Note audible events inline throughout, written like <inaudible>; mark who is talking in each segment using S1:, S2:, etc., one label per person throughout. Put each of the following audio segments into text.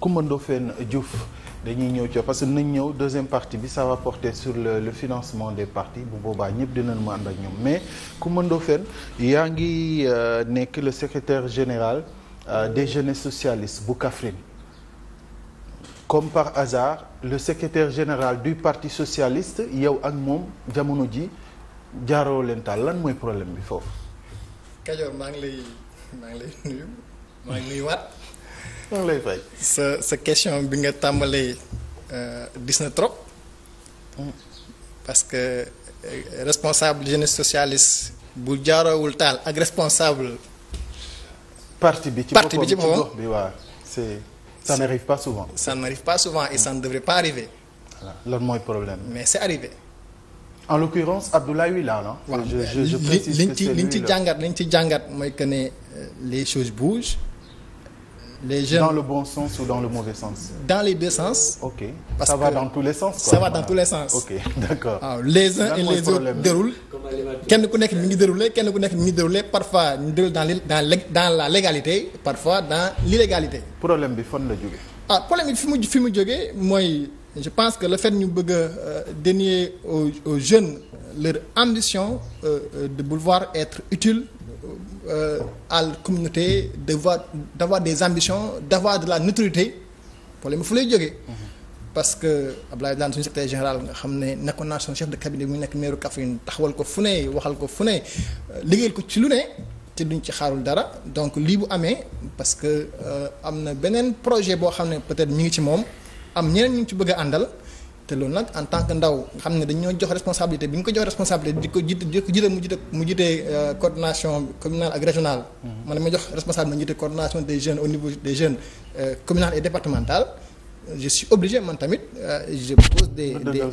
S1: Coumba Ndoffène Diouf dañuy ñëw ci parce que nañ ñëw deuxième partie bi ça va porter sur le, le financement des partis bu boobaa ñëpp dinañ mu ànd ak ñoom mais Coumba Ndoffène yaa ngi euh, nekk le secretaire général euh, des jeunesses socialistes bu Kaffrine comme par hasard le secretaire général du parti socialiste yow ak moom jamono ji jaaroo leen taal lan mooy problème bi foofu.
S2: Kajoor maa ngi lay maa ngi lay maa ngi nuyuwaat maa sa sa question bi nga tàmbalee euh, dis na trop hmm. parce que euh, responsable jeunesse socialiste bu jaaroowul taal ak responsable.
S1: parti bi ci boppam ci gox bi waaw c'est ça n'arrive pas souvent.
S2: ça n'arrive pas souvent et ça ne pas arriver. voilà loolu mooy problème. mais c'est arrivé. en l'occurrence Abdoulaye Wilane ah. je je ci liñ ci jàngat liñ ci jàngat mooy que ne euh, les choses bougent. les jeunes le bon sens ou dans le mauvais sens. dans les deux sens. ok parce ça va dans tous les sens. dans tous les sens. ok <laughs> d'accord waaw ah, les uns et les autres déroulent. kenn ku nekk mi ngi déroulé kenn ku nekk mi ngi déroulé parfois ñu déroule dans dans dans la légalité parfois dans l'illégalité. problème bi fon la jógee. ah problème bi fi mu fi mu jógee mooy je pense que le fait ñu bëgg a euh, dénier aux aux jeunes leur ambition euh, euh, de vouloir être utile. euh, à communauté de voir d'avoir des ambitions d'avoir de la neutralité problème fu lay jóge mhm. parce que Abdoulaye Dane suñu secrétaire général nga xam ne nekkoon naa chef de cabinet mu nekk meeru Kaffrine taxawal ko fu ne waxal ko fu ne liggéeyal ko ci lu ne te duñ ci xaarul dara donc lii bu amee parce que euh, am na beneen projet boo xam ne peut-être ñu ngi ci moom am ñeneen ñu ngi ci bëgg a àndal. te loolu nag en tant que ndaw xam ne dañoo jox responsabilité bi ñu ko jox responsabilité di ko jiite di ko jiite mu jiite mu jiite euh, coordination communale ak régionale. man dama jox responsable ma jiite coordination des jeunes au niveau de jeunes euh, communal et départemental. je suis obligé man tamit euh, je pose des des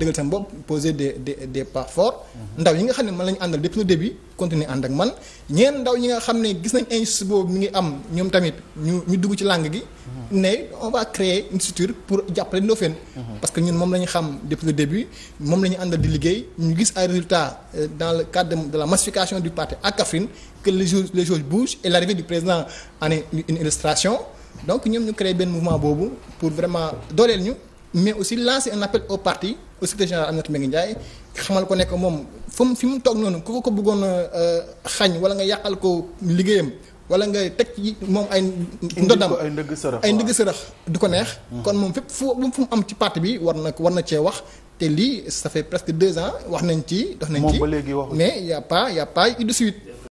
S2: dëggal sama bopp poser des des des pas forts ndaw yi nga xam ne man la ñu àndal depuis le début continuer ànd ak man ñeen ndaw ñi nga xam ne gis nañ injustice boobu mi ngi am ñoom tamit ñu ñu dugg ci làng gi. ne on va créer une pour jàppale Ndofène mhm. parce que ñun moom lañu xam depuis le début moom la ñu àndal di liggéey ñu gis ay résultats euh, dans le cadre de la massification du parti à Kaffrine que les choses les choses bougent et l'arrivée du président en est une illustration donc ñoom ñu créé benn mouvement boobu pour vraiment dooleel ñu mais aussi lancé un appel au parti au secrétaire général Aminata Mbengue Ndiaye xamal ko nekk moom fa mu fi mu toog noonu ku ko ko bëggoon euh, xañ wala nga yàqal ko liggéeyam wala ngay teg ci moom ay. ndodam ay ndëgg sërëx ay ndëgg du ko neex. Mm-hmm. kon moom fépp fu fu mu am ci parti bi war na war na cee wax
S1: te lii ça fait presque deux ans wax nañ ci. dox nañ ci mais y' a pas y' a pas de suite.